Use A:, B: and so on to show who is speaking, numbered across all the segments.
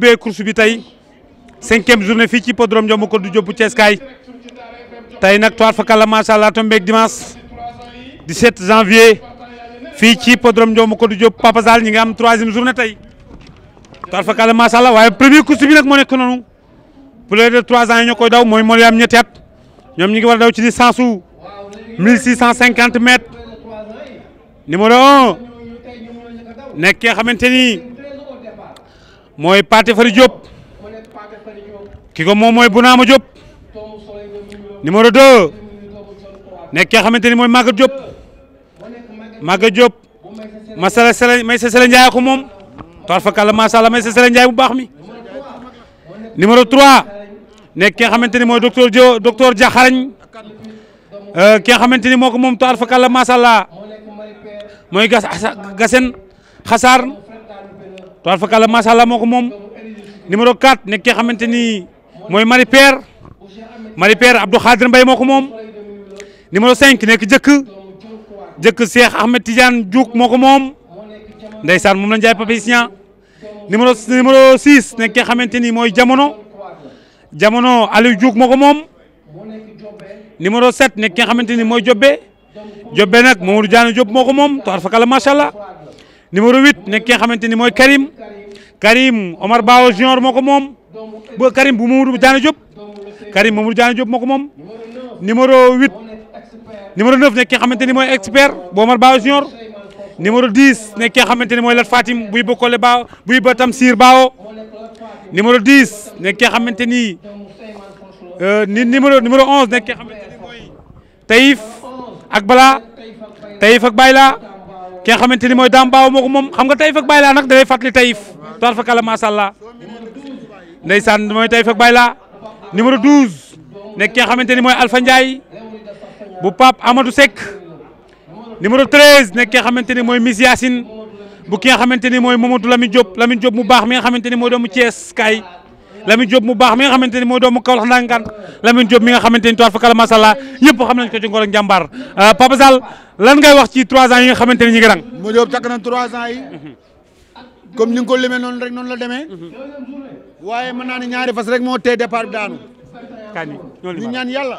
A: ubbee course bi tay 5e journée fi ci hippodrome Ndiomb ko du job Thiès kaay tey nag toile fa kàlla macha allah tombeeg dimanche 17 janvier fi ci hippodrome ko du job Papa sal ñi nga am 3e journée tay toile fa kàlla macha allah waaye premier course bi nak mo nek noonu plus de 3 ans ñokoy daw moy moo am ñetti at ñoom ñi ngi wara daw ci distance su 1650 mètres numéro 1 nekk ki nga mooy Pathé Fary Diop ki ko moom mooy Bounama Diop numéro 2 nekk ki nga xamante ni mooy Maguette Diop Maguette Diop Masala Sele Maysa Sele Ndiaye ko moom Tarfa Kalla macha allah Maysa bu baax mi numéro 3 nekk ki nga xamante ni mooy docteur Dio docteur Diakharañ euh, ki nga xamante ni moo ko moom Tarfa Kalla macha allah mooy gas Xasaar. kala Massala moko mom numéro 4 nek ki xamanteni moy Mari Père Mari Père Abdou Khadir Mbay moko mom numéro 5 nek jeuk jeuk Cheikh Ahmed Tidiane djouk moko mom ndaysan mom lañ jaay Papicien numéro numéro 6 nek ki xamanteni moy Jamono Jamono Aliou djouk moko mom numéro 7 nek ki xamanteni moy Jobbe Jobbe nak Mamadou Diagne djob moko mom kala Massala numéro 8 nek ki nga xamanteni moy Karim Karim Omar bawo Junior moko mom bo Karim bu Mamadou diane Diop Karim Mamadou diane Diop moko mom numéro 8 numéro 9 nek ki nga xamanteni moy expert bo Omar bawo Junior numéro 10 nek ki nga xamanteni moy Lat Fatim buy bokkole bawo buy ba Tamsir bawo numéro 10 nek ki nga xamanteni ni numéro numéro 11 nek ki nga xamanteni moy mooy Taïf ak Bala Taïf ak Bayla ki nga xamante ni mooy daam baaw moo moom xam nga tayif ak bay laa nag dalay fàttali tayif toar fa kala macha allah ndeysaan mooy tayif ak bay laa numéro 12 nekk ki nga xamante ni mooy Alpha Ndiaye bu Pape Amadou Seck numéro 13 nekk ki nga xamante ni mooy Miss Yacine bu ki nga xamante ni mooy Mamadou Lamine Diop Lamine Diop mu baax mi nga xamante ni mooy doomu Thiès kaay Lamine Diop mu baax mi nga xamante ni mooy doomu Kaolack ndangaan Lamine Diop mi nga xamante ni toir fakala masalla ñëpp xam ko ci euh, Papa Sall lan ngay wax ci trois ans yi nga xamante ni ñu ngi rang mo Diop takk na trois ans yi comme ni nga ko limee noonu rek noonu la demee waaye mën naa ne ñaari fas rek moo tee départ bi daanu kañ ñu ñaan yàlla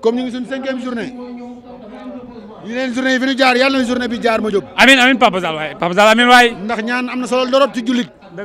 A: comme ñu ngi suñu cinquième journée yeneen journée yi fi ñu jaar yàlla na journée bi jaar mo Diop amin amin Papa Sall waaye Papa waaye ndax ñaan am na solo dorop ci jullit la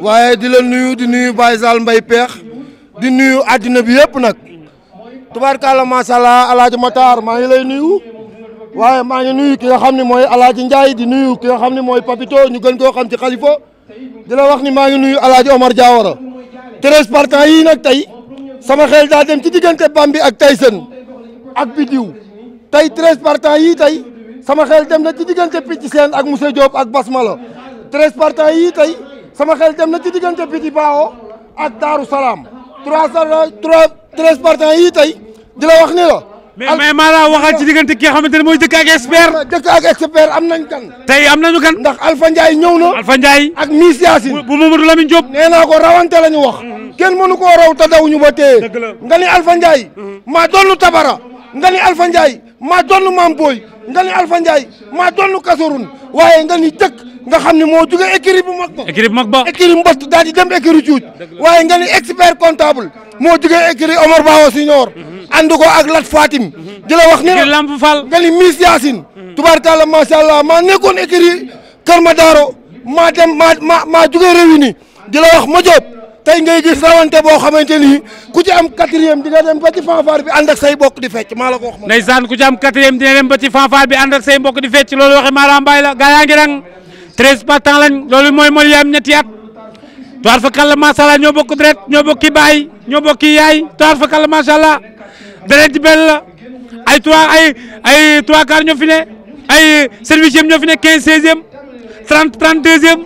A: waaye di la nuyu di nuyu Baye Sall mbay Peex di nuyu àddina bi yëpp nag tubaarkàlla macha allah alaaji Matar maa ngi lay nuyu waaye maa ngi nuyu ki nga xam ne mooy alaaji Ndiaye di nuyu ki nga xam ne mooy Papito ñu gën koo xam ci Khalifa di wax ni maa ngi nuyu alaaji Omar Diawara treize partants yi nag tey sama xel daa dem ci diggante Bambi ak Tyson ak Bidiw tey treize partants yii tey sama xel dem na ci diggante Picc Seen ak Moussa Diop ak Basmala treize partants yii tey. sama xel dem na ci diggante Petit Bao ak Daaru Salaam trois trois treize partants yii tey di la wax ni la. mais mais maanaam waxal ci diggante ki nga xamante ne mooy dëkk ak expert. dëkk ak expert am nañ kan. tey am nañu kan. ndax Alpha Ndiaye ñëw na. Alpha Ndiaye ak Miss Yacine. bu Mamadou Lamine Diop. nee naa ko rawante la ñu wax. kenn mënu ko raw te daw ñu ba téye. dëgg la nga ni Alpha Ndiaye. maa doonu Tabara. nga ni Alpha Ndiaye maa doonu Mamboy. nga ni Alpha Ndiaye maa doonu Kasorun waaye nga nga xamni mo moo jóge bu mag ba écurie mag ba écurie mbott dal di dem écurie cuuj waye nga ni expert comptable mo jóge écurie Omar Bawo Senior anduko mhm. ak Lat Fatim mhm. dila wax ni nga ni Miss Yacine mhm. tubaarkàlla macha allah maa nekkoon écurie Kër Madaro maa dem ma ma maa rewini dila wax ma job tay ngay gis rawante bo xamanteni ku ci am 4e di nga dem ba ci fanfar bi ànd ak say bokk di fecc maa la ko wax. ndeysaan ku ci am 4e di nga dem ba ci fanfar bi ànd ak say mbokk di fecc lolou waxe Mara Mbaye la gaa yaa ngi rang treize partant lañ loolu mooy mooy yaayam ñetti at toar fa kàlla macha ñoo bokk deret ñoo bokki baay ñoo bokki yaay toar fa kàlla macha allah deret ji benn ay trois ay ay ñoo fi ne ay service yëpp ñoo fi ne quinze seizième trente trente deuxième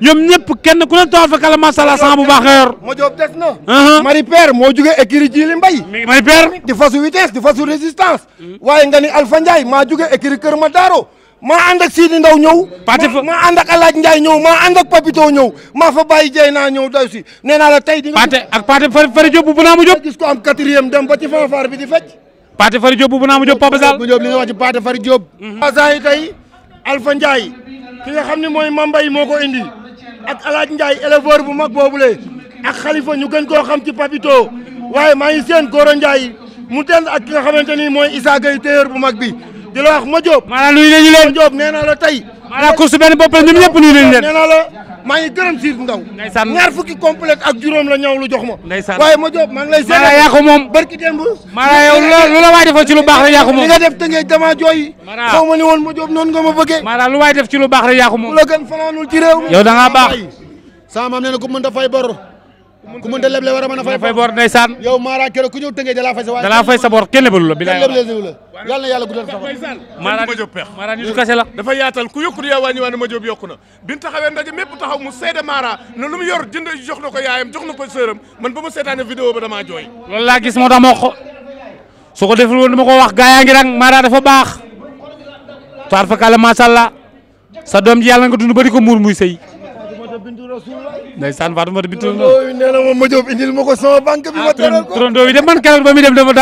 A: ñoom ñëpp kenn ku ne toor fa kala macha allah sama bu baax moo jóg des na. Uh-huh. Marie Père moo jugee écurie Djily Mbaye. Marie Père. di fasu vitesse di fasu résistance. Mm. waaye nga ni Alpha Ndiaye maa jugee écurie Kër Madaro. maa ànd ak Sidi Ndaw ñëw. parti fa maa ànd ak Alaaj Njaay ñëw maa ànd ak Papito ñëw maa fa bàyyi jey naa ñëw doy si nee naa la tey. di nga parti ak parti Fary bu Bunaama Diop. gis ko am quatrième dem ba ci fanfar bi di fecc. parti Fary Diop bu Bunaama Diop Papa Sall. nga wax ci parti Fary Diop. Asan mhm. tey Alpha Ndiaye ki nga xam ne mooy Mambay moo ko indi ak Alaaj Njaay éleveur bu mag boobu boobule ak xalifa ñu gën koo xam ci Papito waaye maa ngi seen Goro Ndiaye mu dend ak ki nga xamante ni mooy Issa Gueye téyeur bu mag bi di la wax ma Diop. maanaam nuyu nañu leen ma Diop nee naa la tey. maanaam course benn bopp la ñun ñëpp nuyu nañu leen. nee naa la maa ngi gërëm Sidy Ndaw. ndeysaan ñaar fukki complète ak juróom la ñaw lu jox ma. ndeysaan waaye ma Diop maa ngi lay. seede yaa ko moom barki démb. maanaam yow lu la waay defal ci lu baax rek yaa ko moom. li nga def te ngay jooy. maanaam xaw ma woon ma Diop noon nga ma bëggee. maanaam lu waay def ci lu baax rek yaa ko moom. ku la gën fanaanul ci réew mi. yow da ngaa baax. sama maam nee mën da fay ku mënta leble war a mën a fay fay bor ndeysaan yow Mara keroog ku ñëw tëngee dalaa fay sa waaye dalaa fay sa bor kenn lebalu la bilaay kenn lebalu la yàlla na yàlla guddal sa fan Mara ma jóob peex Mara la dafa yaatal ku yokku yaa
B: wàññi waane ma jóob na bi yor jënd jox na ko yaayam jox na ko sëram man ba ma seetaane vidéo ba damaa jooy
A: loolu laa gis moo tax ma ko ko deful woon dama wax gaayaa ngi rang Mara dafa baax toar fakala maasàllaa sa doom ji yàlla nga dund bari ko muur muy sëy bintu rasulullah ndeysaan fatou mata bintu rasulullah ma jóob indil ma sama banque bi ma teral ko turandoo bi man dem dama ko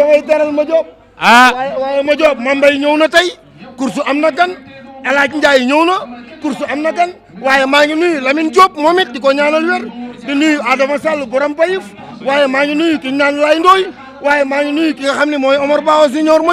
A: damay teral ma ah waaye ma jóob ma na kursu am gan alaaj na kursu am gan waaye maa ngi nuyu Lamine di ñaanal di nuyu Adama Sall borom bayif waaye maa ngi nuyu ki ñu Lay Ndooy waaye maa ngi nuyu ki nga Omar Bawa Senior ma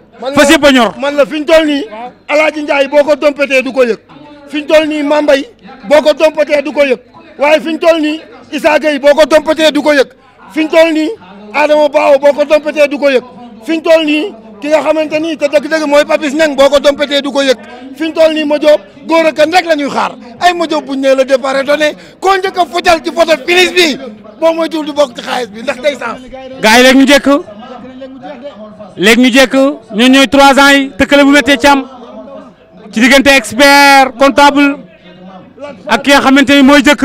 A: fas yëpp a ñor man la fi ñu toll nii Alaaji Njaay boo ko dompetee du ko yëg fi ñu toll nii Mambay boo ko dompetee du ko yëg waaye fi ñu toll nii Issa Gueye boo ko dompetee du ko yëg fi ñu toll nii Adama Baaw boo ko dompetee du ko yëg fi ñu toll nii ki nga xamante ni te dëgg-dëgg mooy Papis Neng boo ko dompetee du ko yëg fi ñu toll nii ma joob góor a kan rek la ñuy xaar ay ma joob buñ ne la départ donné koo njëkk a focal ci photo finish bi boo moytuwul du bokk ci xaalis bi ndax day sens. gars yi rek léegi ñu jekk ñoo ñooy trois ans yi tëkkale bu méttee càmm ci diggante expert comptable ak ki nga xamante ni mooy jëkk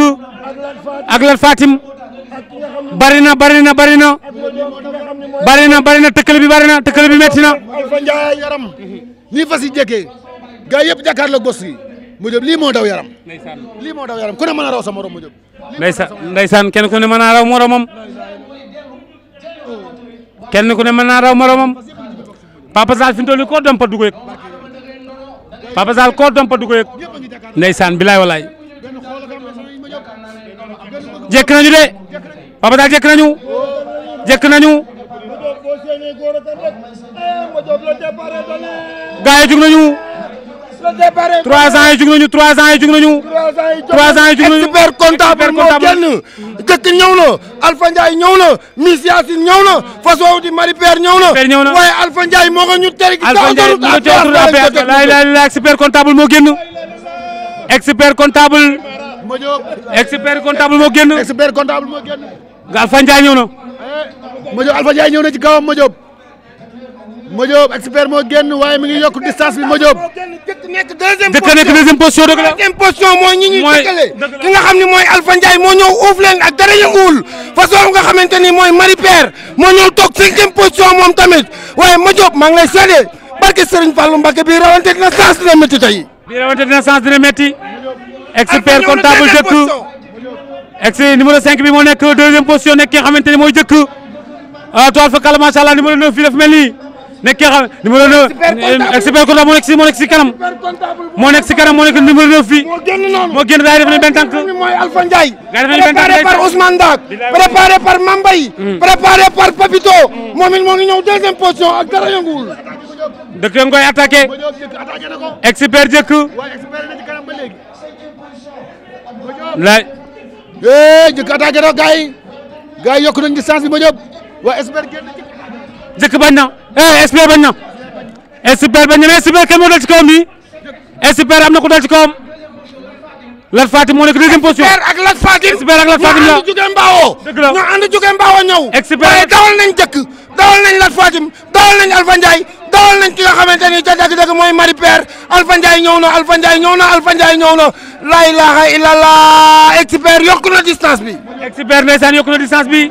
A: ak Lat Fatim bari na bari na bari na bari na bari na tëkkale bi bari na tëkkale bi métti na. Alpha yi jekkee gars yëpp jàkkaarloo gos moo daw yaram. lii moo ne a raw sa morom mu jëm. ndeysaan ndeysaan kenn ku ne mën a raw moromam. kenn ku ne mën naa raw moromam Papa Sall fi mu toll nii koo ko yëg Papa Sall koo dompa du ko yëg de Papa Sall jekk nañu jekk nañu trois ans yi jug nañu trois ans yi jug nañu. trois ans yi jug moo génn. jëkk ñëw na Alpha Ndiaye ñëw na Miss Yacine ñëw na Faso di Marie Père ñëw na. waaye Alpha Ndiaye moo ko ñu teri. Alpha Ndiaye moo ci expert comptable moo génn. expert comptable. moo génn. expert comptable moo génn. nga Alpha Ndiaye ñëw na. Eh, Alpha ñëw na ci kawam Madiop. Modiop expert moo génn waaye mi ngi yokk distance bi Modiop. jëkk nekk deuxième position mooy ñi ñuy tëkkale nga xam ne mooy Alpha Ndiaye moo ñëw uuf leen ak dara yënguwul façon nga xamante ni mooy Marie Pierre moo ñëw toog cinquième position moom tamit waaye Modiop maa ngi lay seede barke Serigne Fallou Mbacke bii dina sens dina métti tey. bii rawante jëkk expert numéro 5 bi moo nekk deuxième position nekk ki nga xamante ni mooy jëkk ah toile fa kàlla nekk ki nga xam numéro 9 expert eh, comptable moo nekk si moo nekk si kanam moo nekk si kanam moo nekk numéro 9 fii moo génn daay def nañ benn tànk mooy Alpha Ndiaye préparé par Ousmane Ndak préparé par Mambay mm. préparé par Papito moom it moo ngi ñëw deuxième position ak dara yënguwul dëkk yëngu koy attaqué expert jëkk laaj eh, jëkk attaqué na gars yi gars yi yokk nañ distance bi ma jóg waa expert génn jëkk bañ na eh, SPR bañ na SPR bañ na mais SPR kenn moo dal ci kawam bi SPR am na ko dal ci kawam Lat Fatim moo nekk deuxième position SPR ak Lat Fatim SPR ak Lat Fatim la ñu ànd jugee Mbaawo ñu ànd jugee Mbaawo ñëw waaye dawal nañ jëkk dawal nañ Lat Fatim dawal nañ Alpha Ndiaye dawal nañ ki nga xamante ni ca dëgg-dëgg mooy Marie Père Alpha Ndiaye ñëw na Alpha Ndiaye ñëw na Alpha Ndiaye ñëw na laa ilaaha illallah expert yokk na distance bi expert ndeysaan yokk na distance bi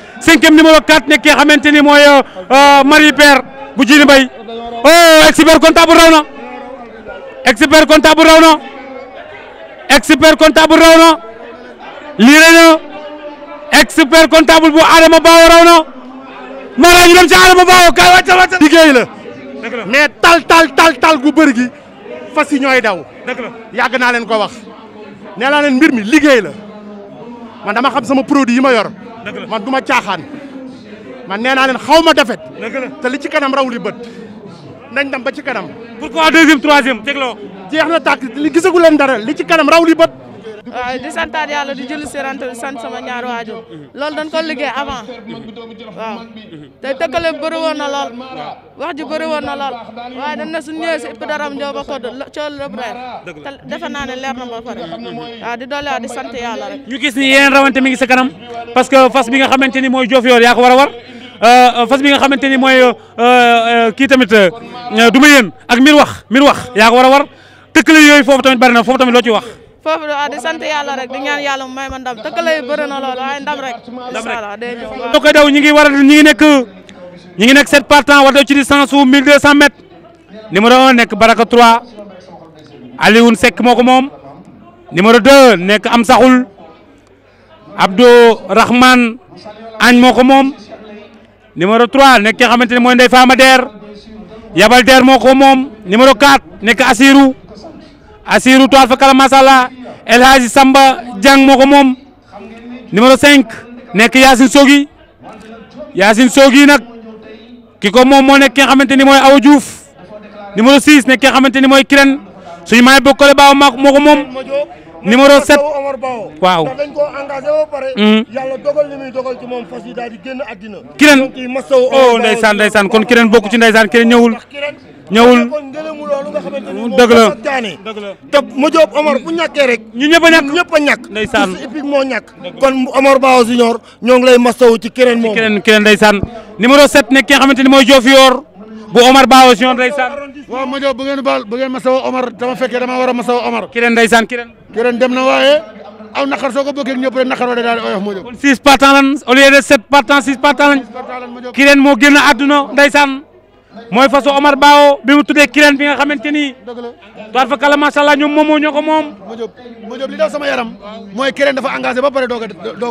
A: cinquième numéro 4 nekk nga xamante ni mooy euh, euh, Marie Père bu Djily Mbaye oh expert comptable raw na expert comptable raw na expert comptable raw comptable bu Adama Bawo raw na mara ñu dem Adama Bawo kay wàccal wàccal liggéey la mais tal tal tal gu bëri gi fas ñooy daw yàgg naa leen ko wax nee naa leen mbir mi liggéey la man dama xam sama produit yi ma yor. man du ma caaxaan. man nee naa leen xaw ma defet te li ci kanam raw li bët. nañ dem ba ci kanam. pourquoi deuxième troisième jégloo. jeex na tàkk li gisagu leen dara li ci kanam raw li bët. waaw di santaat yàlla di julli si rente sant sama ñaari waajur loolu dañ ko liggéey avant
B: waaw te tëkkale bëri woon na lool wax ji bëri woon na lool waaye dañ na suñ ñëwee si ëpp daram ñoo ba ko defe naa ne leer na ba pare
A: waaw di doole di sant yàlla rek ñu gis ni yeneen rawante mi ngi sa kanam parce que fas bi nga xamante ni mooy jof yoor yaa ko war a war euh, fas bi nga xamante ni mooy euh, euh, kii tamit du ma yéen ak mir wax mir wax yaa ko war a war tëkkale yooyu foofu tamit bari na foofu tamit loo ci wax foofu ah, di sant yàlla rek di ñaan yàlla mu may ma ndam dëkk lay bëri na loolu waaye ndam rek. ndam rek ñoo koy daw ñu ngi war a ngi nekk ñu ngi nekk sept partants war ci distance 1200 mètres numéro 1 nekk Baraka 3 Alioune Seck moo ko numéro 2 nekk Am Saxul Abdou Rahman Agne moo ko numéro 3 nekk ki nga xamante ne mooy Ndeye Fama Der Yabal Der moo ko numéro 4 nekk Assirou. Assirou Toile fa kala masala El Hadji Samba Diang moo ko moom numéro 5 nekk Yacine Sogui Yacine Sogui nag ki ko moom moo nekk ki nga xamante ni mooy Awa Diouf numéro 6 nekk ki nga xamante ni mooy Kirène suñu maay bokkale baaw maa moo ko moom numéro 7 waaw. Hmm. yàlla dogal li muy dogal ci moom fas yi daal di génn àddina. Oh, kon Kirène bokku ci ndeysaan Kirène ñëwul. ñëwul kon ngëlëmu loolu nga xamante ni dëgg la daane te mu jóob Omar bu ñàkkee rek ñu ñëpp a ñàkk ñëpp a ñàkk ndeysaan épique moo ñàkk kon Omar Bawo Junior ñoo ngi lay mastawu ci keneen moom keneen keneen ndeysaan numéro 7 nekk ki nga xamante ni mooy Diofior bu Omar Bawo Junior ndeysaan waaw ma jóob bu ngeen baal bu ngeen masawu Omar dama fekkee dama war a masawu Omar keneen ndeysaan keneen dem na waaye aw naqar soo ko bokkee ñëpp rek naqar wa da daal di oyof lan au lieu de sept partants mooy faso Omar Bao bi mu tuddee kireen bi nga xamante ni. dëgg la toile fa kàlla macha allah ñoom moomoo ñoo ko moom. Modiop Modiop li daw sama yaram. mooy kireen dafa engagé ba pare doog a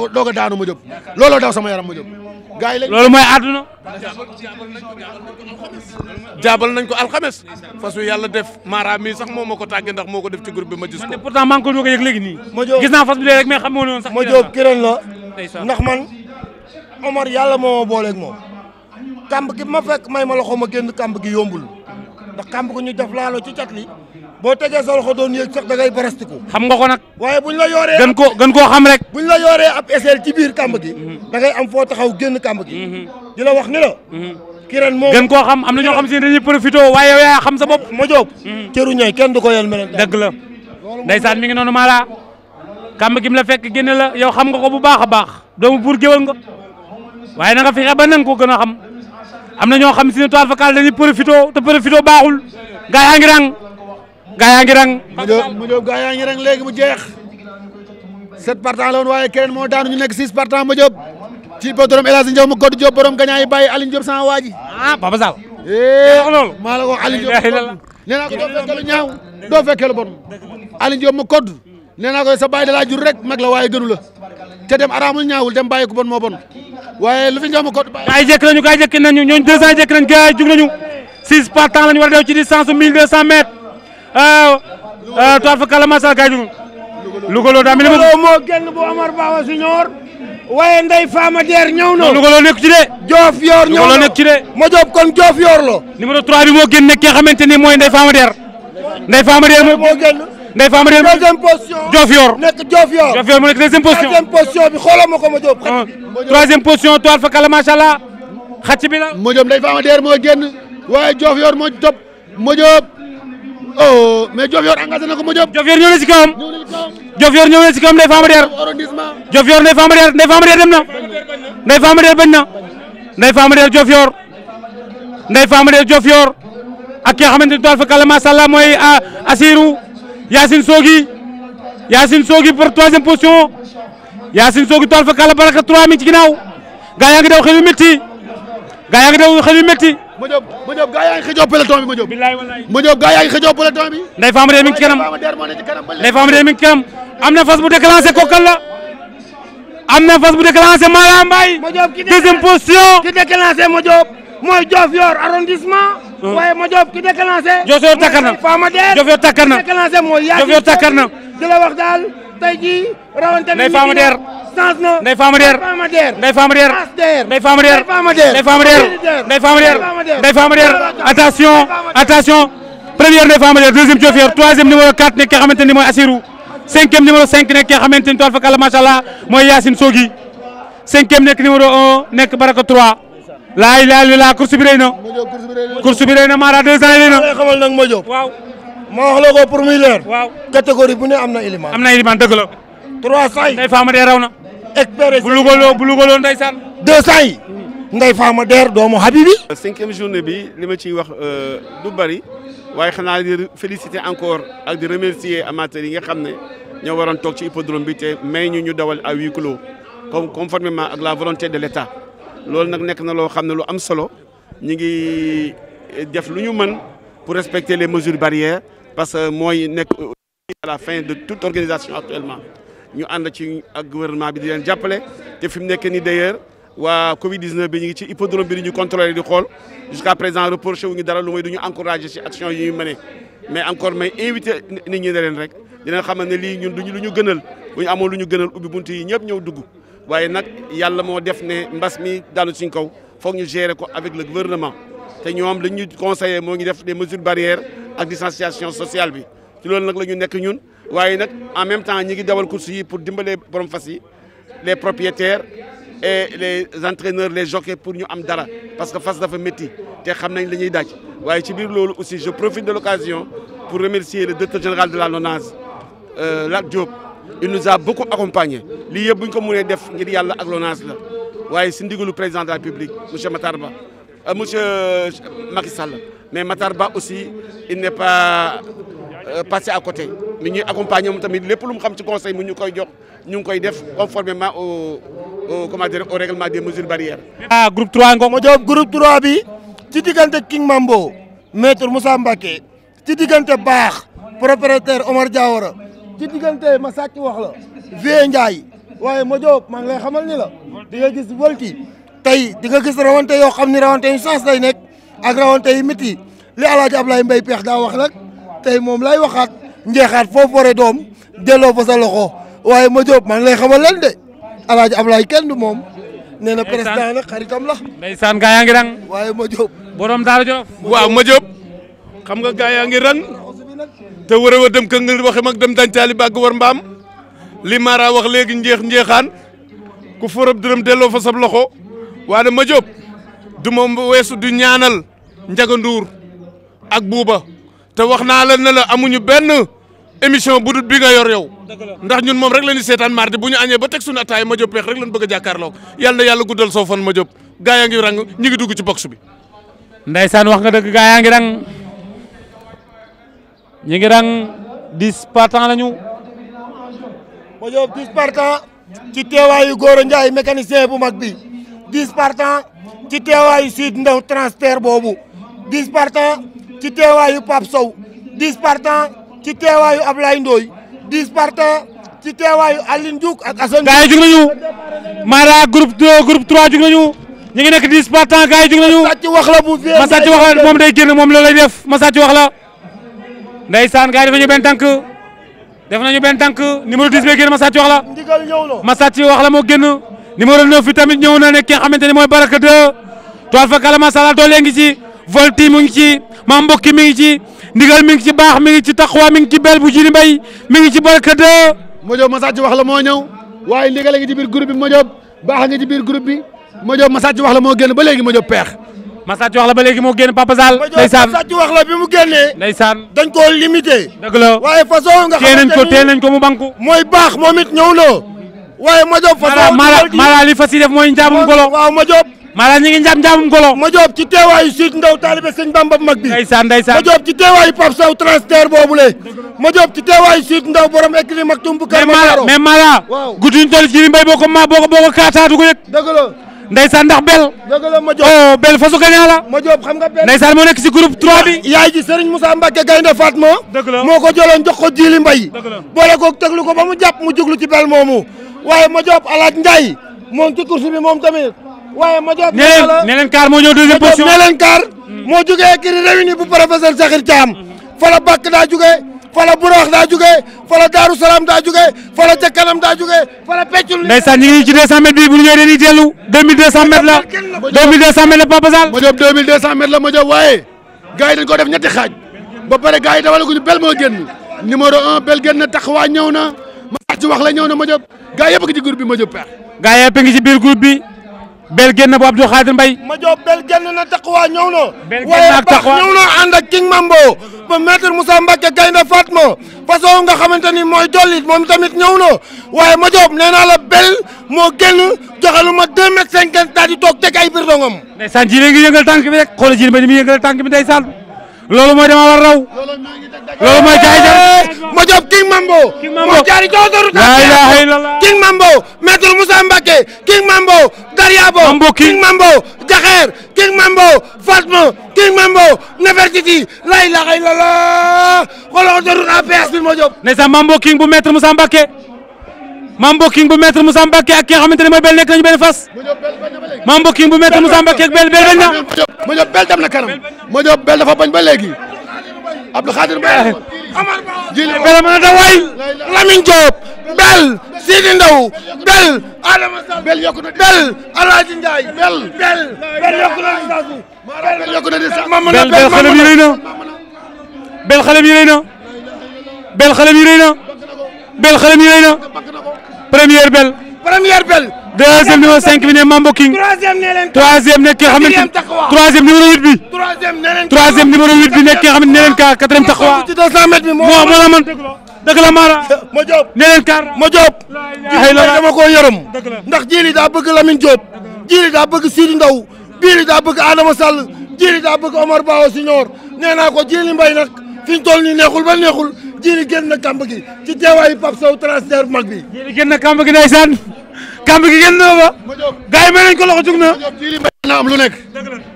A: doog a daanu Modiop looloo daw sama yaram Modiop. gars yi léegi loolu mooy àdduna. jaabal nañ ko alxames fas yu yàlla def mara mi sax moo ma ko tàggee ndax moo ko def ci groupe bi ma gis ko. man de pourtant maa ngi ko doog a yëg léegi nii. Modiop gis naa fas bi léegi rek mais xamoo ne kireen la ndax man Omar yàlla moo ma booleeg kàmb gi ma fekk may ma loxo ma génn kàmb gi yombul ndax kàmb gi ñu def laalo ci cat li boo tegee sa loxo doon yéeg sax da ngay barastiku xam nga ko nag waaye buñ la yooree gën koo gën koo xam rek buñ la yooree ab eseel ci biir kàmb gi mhm. da am foo taxaw génn kàmb gi mhm. di wax ni la mhm. kiren moom gën koo xam am na ñoo xam si dañuy profité waaye yow yaa xam sa bopp ma jóob cëru ñooy kenn du ko yoon meneen dëgg la ndeysaan mi ngi noonu maa kàmb gi mu la fekk génne la yow xam nga ko bu baax a baax doomu buur géwal nga waaye na nga fexe ba nang ko gën a xam amna na ñoo xam si toal toile focale dañuy profito te profito baaxul gaay yaangi rang gaay yaangi rang. mu ñëw gaay yaangi rang legi mu jeex set partant la woon waaye keneen mo daanu ñu nek 6 partant mu Diop ci bodorom El Hadj mu ma Codé borom gañay baye Alioune Diop sama waji ah baba sal eh lol ma la ko Alioune Diop nee ko doo fekkee ñaaw doo fekkee lu bon Alioune Diop ma Codé nee ko sa baye da la jur rek mag la waye geñu la te dem aramul ñaawul dem bayiko bon mo bon waye lu fi nga ko ay jek lañu kay jek nañu ñooñu deux cent jekk nañu gars jug nañu six partants lañu wara dew ci distance 1200 deux cent mètres euh, toifa kala masal kay jug lu lugaloo daa mel ni mo génn bu Omar Bawa señor waye ndey fama faama deer lu ko lo nek ci de joof yoor ñëw lo nek ci de ma jop kon jof yor lo numéro 3 bi mo génn nek ki nga xamante ndey fama der ndey fama der mo génn Ndeye Fama ma ko ma jóg. Ah, troisième position toile fa kala macha allah xàcc bi la. Modiop Ndeye Fama der moo génn waaye moo topp Modiop oh ko Modiop. Diofior ñëw na si kawam Diofior ñëw na si kawam Ndeye Fama der Diofior Ndeye Fama der Ndeye Fama der dem na Ndeye Fama der bañ na Ndeye Fama der Diofior Ndeye Fama der Diofior ak ki nga xamante ne mooy ah, Assirou. Yacine Sogui Yacine Sogui pour troisième position Yacine Sogui tool fa kàlla baraka 3 mi ci ginnaaw gaa yaa ngi daw xel yu métti gaa yaa ngi daw xel yu métti. ma jóg ma jóg gaa yaa ngi xëjoo peloton bi ma jóg. billaay wallaay ma jóg gaa yaa ngi xëjoo peloton bi. Ndeye Fama de mi ngi ci kanam Ndeye Fama de mi ngi ci kanam am na fas bu déclenché kookal la am na fas bu déclenché Mara Mbaye. ma jóg ki déclenché deuxième position. ki déclenché ma jóg mooy Diofior arrondissement. waaye ma job ki déclenché. Joso takar na Fama Deen Joso takar na déclenché mooy yaa Joso takar na di la wax daal tey jii rawante bi Fama Deer sans na Ndeye Fama Deer Fama Deer Ndeye Fama Deer Ndeye Fama Deer Ndeye Fama Deer Ndeye Fama Deer Ndeye Fama Deer attention attention première Ndeye Fama Deer deuxième Diofior troisième numéro 4 nekk ki nga xamante ni mooy Assirou cinquième numéro 5 nekk ki nga xamante ni tool fa kala macha allah mooy Yacine Sogui cinquième nekk numéro 1 nekk Baraka 3 La laay li laa course bi rëy na. course bi rëy Mara deux ans rëy xamal nag ma jóg. waaw ma wax la ko pour muy leer. waaw catégorie bu ne am élément. amna élément dëgg la. trois cent yi. Fama Der raw na. bu lugolo bu lugolo ndeysaan. deux cent yi. Ndeye Fama Der do mo Habibi.
B: 5e journée bi li ma ciy wax euh, du bari waye xana di féliciter encore ak di remercier amateurs yi nga xam ñoo waron tok ci hippodrome bi te may ñu ñu dawal à huis clos comme conformément ak la volonté de l'état loolu nag nekk na loo xam ne lu am solo ñu ngi def lu ñu mën pour respecter les mesures barrières parce que mooy nekk à la fin de toute organisation actuellement ñu ànd ci ak gouvernement bi di leen jàppale te fi mu nekk nii d'ailleurs waa Covid 19 bi ñu ngi ci hippodrome bi ñu contrôler di xool jusqu'à présent reproché wu ñu dara lu moy du ñu encouragé ci action yi ñu mëne mais encore may invité nit ñi ne leen rek dinañ xam ne lii ñun duñu lu ñu gënal bu ñu amoon lu ñu gënal ubbi bunt yi ñëpp ñëw dugg. Il il y a def mi kaw gérer avec le gouvernement te ñoom li ñu conseillé des mesures barrières ak distanciation sociale bi ci que nous la en même temps nous ngi faire des courses pour les propriétaires et les entraîneurs les jockeys pour nous am parce que face à ce métier, nous nañ la ñuy daaj je profite de l'occasion pour remercier le directeur général de la LONASE euh, Lac Diop il nous a beaucoup accompagné Li yëpp buñ ko mune def ngir yalla ak LONASE la Waye si président de la République monsieur Matarba, M. Euh, monsieur Macky Sall mais Matarba aussi il n'est pas euh, passé à côté Mais nous accompagnons tamit lepp lu mu xam ci conseil mu ñu koy jox ñu koy def conformément au au comment dire au règlement des mesures barrières.
A: ah groupe 3 groupe 3 bi ci diggante King Mambo maître Moussa Mbacké ci diggante Bax, propriétaire Omar Diawara. ci diggante ma sàcc wax la vie Ndiaye waaye ma Diop maa ngi xamal ni la di nga gis volti tey di nga gis rawante yoo xam ni rawante yu sens lay nekk ak rawante yu métti li El Hadj Ablaye Mbaye peex daa wax nag tey moom lay waxaat njeexaat foofu waree doom delloo fa sa loxo waaye ma maa ngi lay xamal leen de El Hadj Ablaye kenn moom. nee na président nag xaritam la. ndeysaan gaa yaa ngi rang. waaye ma Diop. borom Daara Jolof. waaw ma Diop.
B: xam nga gaa yaa ngi rang. te war a dem ka nga waxe mag dem dancaali bàgg wax léegi njeex njeexaan ku forab dërëm delloo fa sab loxo waaye ma jóob du ma weesu du ñaanal Ndiaga Ndour ak Bouba te wax naa la ne la amuñu benn émission bu dul bi nga yor yow ndax ñun moom rek la ñu seetaan mardi bu ñu añee ba teg na ataay ma jóob peex rek lañ bëgg a jàkkaarloo yàlla na yàlla guddal soo fan
A: ma jóob gaa yaa ngi rang ñi ngi dugg ci box bi. Ndeysaan wax nga dëgg gaa ngi rang. ñu ngi rang dix partants lañu. ma jóg dix ci teewaayu Gora Ndiaye mécanicien bu mag bi dix partants ci teewaayu Sid Ndaw transfert boobu dix partants ci teewaayu Pape Sow dix partants ci teewaayu Ablaye Ndoye dix partants ci teewaayu Aline Diouk ak Assane. gars yi jug nañu Mara groupe deux groupe trois jug nañu ñu ngi nekk dix partants nañu. Masacci wax la bu vieux wax la moom day génn moom loolu def Masacci wax la. day gars yi def nañu benn tànk def nañu benn tànk numéro 10 bi génn ma wax la ndigal ñëw ma sàcc wax la moo génn numéro 9 bi tamit ñëw ne ki nga xamante ne mooy baraka 2 tool fa kala ma sala doole ngi ci volti mu ngi ci ma mbokki mi ngi ci ndigal ngi ci baax mi ngi ci taqwa mi ngi ci bel bu jini mbay mi ngi ci baraka 2 mojob ma sàcc wax la moo ñëw waaye ndigal a ngi ci biir groupe bi mojob baax a ngi ci biir groupe bi mojob ma sàcc wax moo génn ba léegi mojob peex Massad wax la ba léegi moo génn Papa Sall. ndeysaan Massad wax la bi mu génnee. ndeysaan dañ koo limité. dëgg la waaye façon nga. xamante ni tee nañ ko tee nañ ko mu banku. mooy baax moom it ñëw na. waaye ma jóg façon. mala mala li fas yi def mooy njaamum golo. waaw ma jóg. mala ñi ngi njaam njaamum golo. ma jóg ci teewaayu Siit Ndaw taalibe sëñ Bamba mag bi. ndeysaan ndeysaan ma jóg ci teewaayu Pape Sow transfert boobule. ma jóg ci teewaayu Siit Ndaw borom écrit mag tumbu kër. mais mala mais mala. waaw guddi ñu toll ci mbay boo ko ma boo ko boo ko kaataatu ko yëg. dëgg la ndeysaan ndax bel oh bel fasu gañaa la ma joob xam nga bel ndeysaan moo nekk si groupe 3 bi yaay ji Serigne Moussa Mbacke Gaynde Fatma moo ko jëloon jox ko Jili Mbay boole ko teglu ko ba mu jàpp mu juglu ci bel moomu waaye ma joob alaaj Njaay moom ci course bi moom tamit waaye ma joob ne kaar moo ñëw kiri réuni bu professeur Sakhir Thiam fa la daa jógee fala Buraax daa jugee fala Daaru Salaam daa jugee fala ca kanam daa jugee fala peccul. ndeysaan ñu ngi ci 200 mètres bi bu ñu ñëwee dañuy dellu 2200 mètres la 2200 mètres la Papa Sall. ma jóg 2200 mètres la ma waaye gars yi ko def ñetti xaaj ba pare gars yi dawal ko ñu bel moo génn numéro 1 bel génn taxawaay ñëw na ma sax ci wax la ñëw na ma jóg gars a ngi ci groupe bi ma jóg pexe. a ngi ci biir groupe bi. bel génn bu Abdou Khadir Mbaye ma jox bel génn na taqwa ñëw na waaye bax na ànd ak King Mambo ba maître Moussa Mbacke Gaynde Fatma façon nga xamante ni mooy dolli moom tamit ñaw na waaye ma jox nee naa la bel moo génn joxe lu ma deux mètres cinquante daal di toog teg ay birdongam ndeysaan ji léegi yëngal tànk bi rek xoolal ji ba loolu mooy dama war raw. loolu mooy jaay jaay. ma job Mambo. King Mambo moo jaari laa ilaaha illallah Mambo. maître Moussa Mbacké King Mambo. Dariabo Mambo King Mambo. Jaxeer King Mambo. Fatma King Mambo. Nefertiti laa ilaaha illallah xooloo daru APS bi ma job. ne Mambo King bu maître Moussa Mbacké. mam bokking bu maître Moussa Mbacké ak ki nga xamante ne mooy bel nekk nañu benn fas maam bokking bu maître Moussa Mbacké bel bel na ma bel dem na kanam ma job bel bañ eh. bel mën a daw waay Lamine Diop bel Sidi bel Adama Sall bel yokku na bel bel bel na distance bel yokku na na bel xale bi na bel xale bi na première belle. première belle. deuxième numéro 5 bi ne Mambo King. troisième ne leen troisième nekk ki nga xamante troisième numéro 8 bi. troisième numéro 8 bi nekk ki nga xamante ne leen kaa quatrième taxawa. moo moo la man dëgg la Mara. ma Diop ne leen kaar ma Diop. xëy na dama ko yërëm. ndax jiili daa bëgg Lamine Diop. jiili daa bëgg Sidi Ndaw jiili daa bëgg Adama Sall jiili daa bëgg Omar Ba Senior nee naa ko jiili mbay nag fi ñu toll neexul ba neexul. jiri génn na kamb gi ci teewaayu Pape Sow transfert mag bi. jiri génn na kamb gi ndeysaan kamb gi génn na ba. gars yi may nañ ko loxo jug na. jiri may na am lu nekk.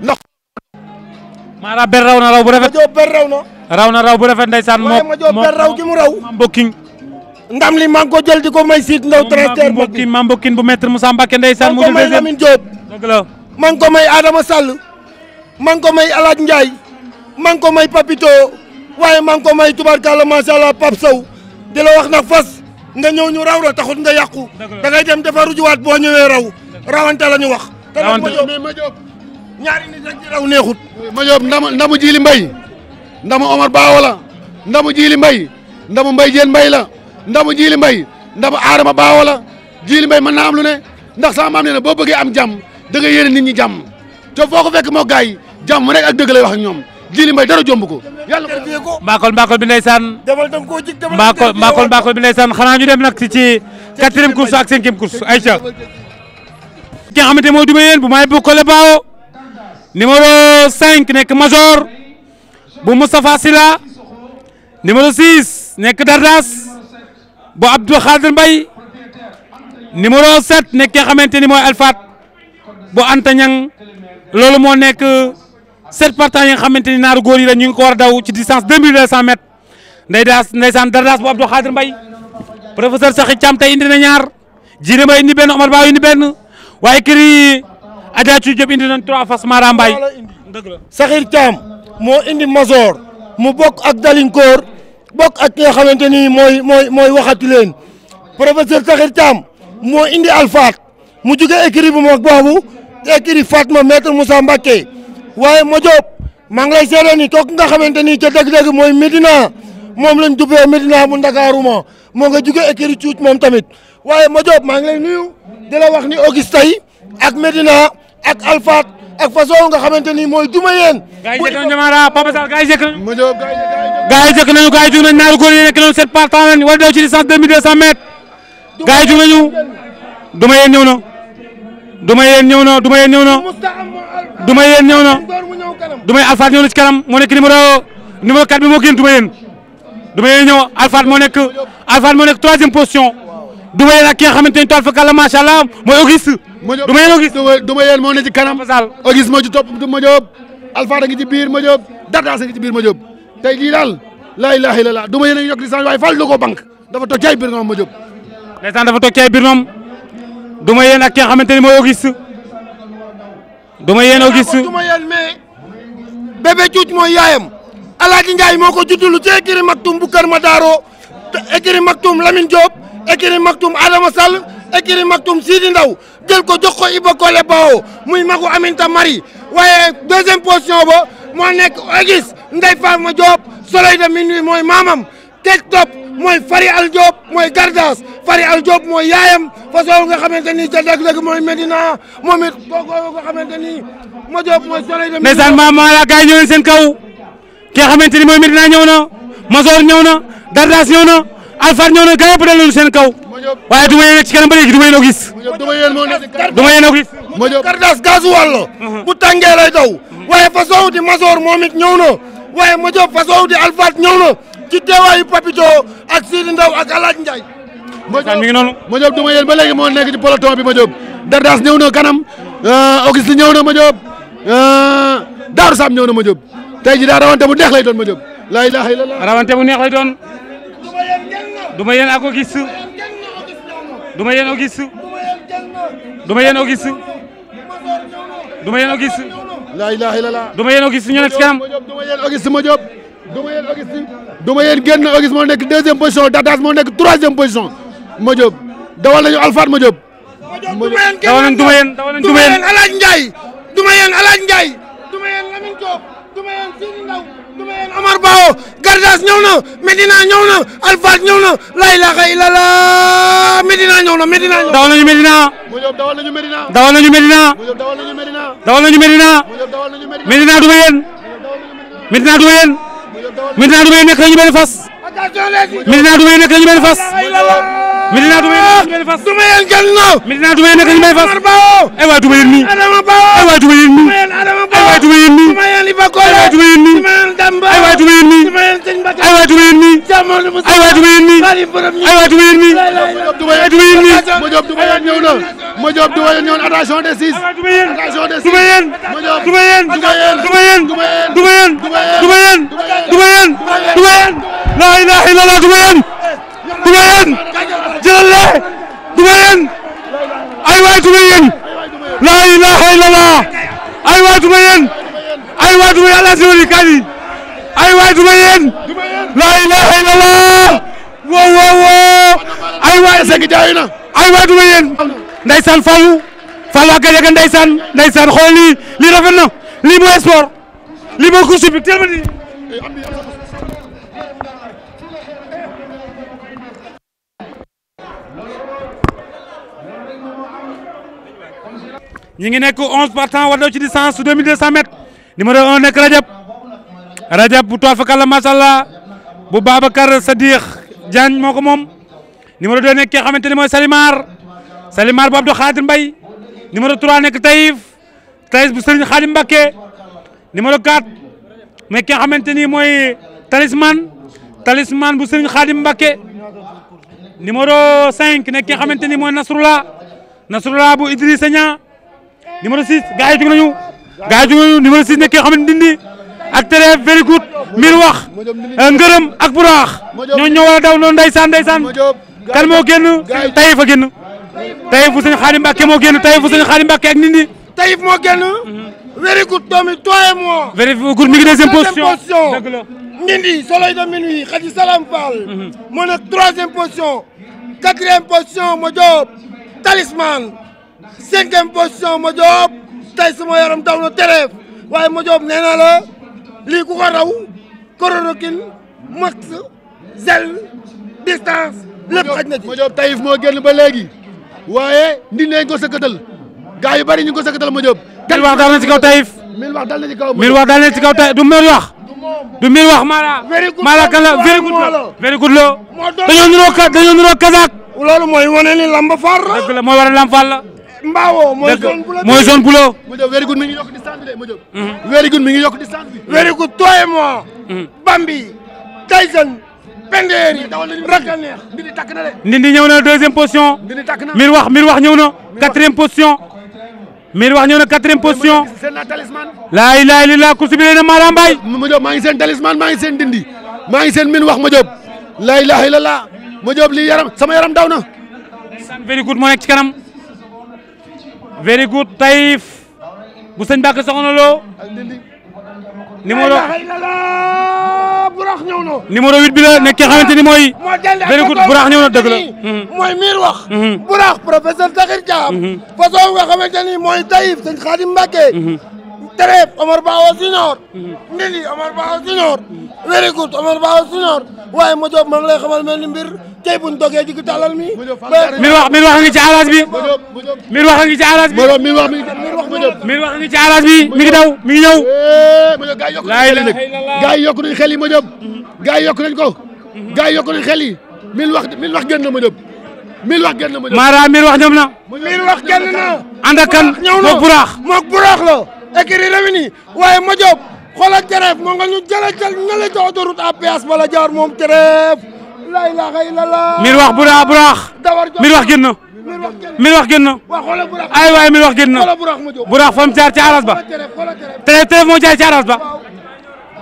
A: ndax. maanaam benn raw na raw bu rafet. ma jóob benn raw na. raw na raw bu rafet ndeysaan. moo ma jóob benn raw gi mu raw. mbokking. ndam li maa ngi ko jël di may siit ndaw transfert mag bi maa bu maître Moussa Mbacké ndeysaan. mu dul deuxième maa la maa ko may Adama Sall. maa ko may Alaaji Ndiaye. maa ko may Papito waaye maa ngi ko may tubaarkàlla macha allah Pape saw di la wax nag fas nga ñëw ñu raw la taxut nga yàqu. da ngay dem defaru juwaat boo ñëwee raw rawante la ñu wax. rawante mais ma jóob ñaari nit rek di raw neexut. ma jóob ndamu ndamu Jili Mbaye ndamu Omar Baawo la ndamu Jili Mbaye ndamu Mbaye Diène Mbaye la ndamu Jili Mbaye ndamu Adama Baawo la Jili Mbaye mën naa am lu ne ndax sama maam nee na boo bëggee am jàmm da nga nit ñi jàmm te foo ko fekk moo gaay jàmm rek ak dëgg lay wax ak ñoom jili may dara jomb ko yalla ko ko mbakol mbakol bi ndeysaan demal tam ko jik demal mbakol mbakol mbakol bi ndeysaan xana ñu dem nak ci ci 4e course ak 5e course Aïcha ki nga xamante moo duma yéen bu may bu baaw numéro 5 nek major bu Moustapha Silla numéro 6 nek Dardas bu Abdou Khadir Mbay numéro 7 nek nga xamanté ni moy Alfat bu Anta lolu mo nek sept partants yi nga xamante ni naaru góor yi la ñu ngi ko war a daw ci distance 2200 m nday daas ndaysaan dardaas bu Abdou Khadir Mbaye professeur Sakhi Thiam tey indi na ñaar jiire mbay indi benn Omar Ba indi benn waaye kër yi Adja Thiou Diop indi nañ trois fas Mara Mbaye dëgg la moo indi Mazor mu bokk ak Dalinkoor bokk ak ki nga xamante ni mooy mooy mooy waxati leen professeur Sakhi Thiam moo indi Alfaat mu jóge écurie bu mag boobu écurie Fatma maître Moussa Mbacké waaye ma Diop maa ngi lay ni kooku nga xamante ni ca dëgg-dëgg mooy Medina moom lañ dubbee Medina bu Ndakaaru moo moo nga jugee écurie Cuuc moom tamit waaye ma Diop maa ngi lay nuyu di la wax ni Auguste tey ak Medina ak Alfat ak façon nga xamante ni mooy juma yéen. gaa yi jëkk nañu Jamara Papa Sall gaa yi jëkk nañu. ma Diop gaa yi jëkk war a daw ci distance deux mille deux cent mètres. gaa yi jug nañu duma yéen ñëw duma yéen ñëw na duma yéen ñëw na duma yéen ñëw na duma yéen alfaat ñëw na ci kanam moo nekk numéro numéro 4 bi moo génn duma yéen duma yéen ñëw alfaat moo nekk alfaat moo duma yéen ak ki nga xamante ne toile fa kàlla macha allah mooy Auguste. duma yéen Auguste duma yéen moo ne kanam. Auguste moo ci topp ma jóob alfaat a ci biir ma jóob Dardas a ci biir ma jóob tey lii daal laa ilaaha illallaah duma yéen a ngi yokk di sànni waaye fal na ko dafa toog ay biir noom ma du ma yéen ak ki nga xamante ni mooy Auguste du ma yéen bébé cuuc mooy yaayam Alaaji Njaay moo ko juddulu ci écurie Maktoum bu Kër Madaaro écurie Maktoum Lamine Diop écurie Maktoum Adama Sall écurie Maktoum Sidi Ndaw jël ko jox ko Iba Kole Bao muy magu Aminta Marie waaye deuxième position ba moo nekk Auguste Ndeye Fatma Diop soleil de minuit mooy maamam teg topp mooy Fary Al Diop mooy Gardas Fary Al Diop mooy yaayam façon nga xamante ni ca dëgg-dëgg mooy Medina moom it boogoo nga xamante ni ma Diop mooy soleil de. ndeysaan maa maa laa gars yi ñëw seen kaw ki nga xamante ni mooy Medina ñëw na Masor ñëw na Gardas ñëw na Alfar ñëw na gars yëpp dal nañu seen kaw waaye du ma yéen a ci kanam ba léegi du ma yéen a gis. du ma yéen a gis. ma Diop Gardas gaz wàll. Uh-huh. bu tàngee lay daw. Uh-huh. waaye façon di Masor moom it ñëw na waaye ma Diop façon di Alfar ñëw na. ci teewaayu Papito ak Sidi ak Alaaj Njaay Madiop mi ngi noonu Madiop du ba léegi moo nekk ci peloton bi Madiop Dardas ñëw na kanam Auguste ñëw na Madiop Daaru Sam ñëw na Madiop tey ji daa rawante bu neex lay doon Madiop laa ilaaha illallaah rawante bu neex lay doon du ma yéen ak Auguste du ma yéen Auguste du ma yéen Auguste du ma yéen Auguste laa ilaaha illallaah du ma yéen Auguste kanam du ma yéen Auguste duma yéen Auguste duma yéen génn Auguste moo nekk deuxième position Datas moo nekk troisième position ma jëb dawal nañu Alphate ma jëb. ma jëb dawal nañ duma yéen dawal nañ duma yéen El Hadj Ndiaye Omar Bao Gardas ñëw na Medina ñëw na Alphate ñëw na la ilaha illallah Medina ñëw na Medina ñëw na. dawal nañu Medina. dawal nañu Medina. Medina. ma Médina Doumbé nekk nañu benn fas Médina Doumbé nekk nañu benn fas Médina Toumé ngeen fas Toumé yéen kenn noo Médina Toumé naka ñu may fas ay waay Toumé yéen nii ay waay Toumé yéen nii ay waay Toumé yéen nii ay waay Toumé yéen nii ay waay Toumé yéen nii ay waay Toumé yéen nii ay waay Toumé yéen nii ay waay Toumé yéen nii ay Toumé yéen nii ma job Toumé yéen ñëw na ma job Toumé yéen ñëw na attention des six attention des six Toumé yéen Toumé yéen Toumé yéen Toumé yéen Toumé yéen Toumé yéen Toumé yéen Toumé yéen la ilaha illallah Toumé yéen Touba Yène jëlal lee Touba Yène ay la ilaha illallah ay waay Touba Yène la ilaha illallah wow wow wow ay waay segi jaay na ay waay Touba Yène ndeysaan Fallou Fallou ak Gadiaga ndeysaan ndeysaan ñi ngi nekk 11 partants wala ci distance su 2200 mètres numéro 1 nek Rajab Rajab bu Toafakala Masalla bu babakar Sadiq Diagne moko mom numéro 2 nek ki xamanteni moy Salimar Salimar bu Abdou Khadir Mbay numéro 3 nek Taif, Taif bu Serigne Khadim mbake numéro 4 me ki xamanteni moy Talisman Talisman bu Serigne Khadim mbake numéro 5 nek ki xamanteni moy Nasrullah Nasrullah bu Idrissa nya numéro 6 gars yi jug nañu gars yi jug nañu ak tere very good mir wax euh, ngërëm ak buraax ñoo ñoo war a daw noonu ndeysaan moo génn tayif a génn tayif bu sëñ Xaadim Mbàkke moo génn tayif bu sëñ Xaadim Mbàkke ak nindi tayif moo génn mhm. very good doomi tooye moo very good mi ngi position dëgg la de minuit xadi salam fall mhm. moo nekk troisième position quatrième position mo job talisman cinquième position ma joob tey sama yaram daw na tereef waaye ma joob nee naa la lii ku ko raw chloroquine max gel distance lépp xaj ma joob tayif moo génn ba léegi waaye ndi nañ ko sëkkatal gaa bari ñu ko sëkkatal ma joob. mil na ci kaw tayif. mil wax dal na ci kaw mil wax dal na ci kaw tayif du mil wax. du mil wax kan la very good la very good la. dañoo niroo ka dañoo mooy wane lamba faar mooy wane lamba faar Mbaawo mooy zone bulo mooy zone bulo. mu jóg wéri gud mi ngi yokk distance bi mu jóg. wéri gud mi ngi yokk distance hmm. Bambi Tyson. Pendeer yi neex Ndindi takk na de. Ndindi ñëw na deuxième position.
B: Ndindi takk na mir wax mir wax ñëw
A: na. quatrième position. mir wax ñëw na quatrième position. laa ilaaha illallaah ku subile na Mara Mbaye. ma jóg maa ngi seen talisman maa ngi seen Ndindi maa ngi seen min wax ma jóg. laa ilaaha illallaah ma jóg lii yaram sama yaram daw na. wéri gud moo nekk ci kanam. very good Taïf bu sëñ Mbàkke soxna loo numéro burax ñëw na numéro 8 bi la nekk nga ni mooy very good burax ñëw na dëgg la mhm. mooy miir wax mhm. burax professeur Taxir Caam mhm. façon nga xamante ni mooy Taïf sëñ Xaadim Mbàkke Tereb Omar Bawo Senior. Ndindi Omar Bawo Senior. very good Omar Bawo Senior. waaye ma jóg maa ngi lay xamal mel ni mbir tey bu ñu dogee jigéen tàllal mi. mir wax mir wax ngi ci alas bi. mir wax ngi ci alas bi. mir wax mir wax ngi ci alas bi mi ngi daw mi ngi ñëw. Eh, gaa yi yokku nañu xel yi ma jóg. gaa yi yokku nañu ko. Mhm. gaa yi yokku nañu xel yi. mir wax mir wax gën na ma jóg. mil wax gën na ma jóg Mara mil wax ñoom na. mil wax gën na. ànd ak kan moog buraax moog buraax la. écrit ni waaye ma job xoolal tereef moo nga ñu jële jël ñële ca autoroute à péage bala jaar moom tereef la ilaha illallah mir wax buraax buraax mir wax génn na wax génn na ay waay mir wax génn na buraax fam jaar ci aras ba tereef tereef moo jaar ci aras ba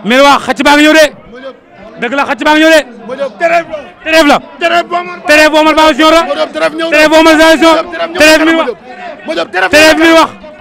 A: mir wax xacc baa ngi ñëw de dëgg la xacc baa ngi ñëw de. tereef la tereef boo man tereef boo man baa ngi si ñëw la tereef boo man saa si ñëw tereef mi wax tereef mi wax.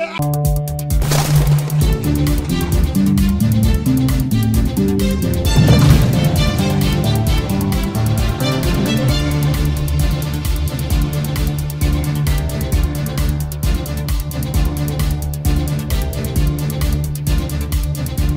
A: Yeah.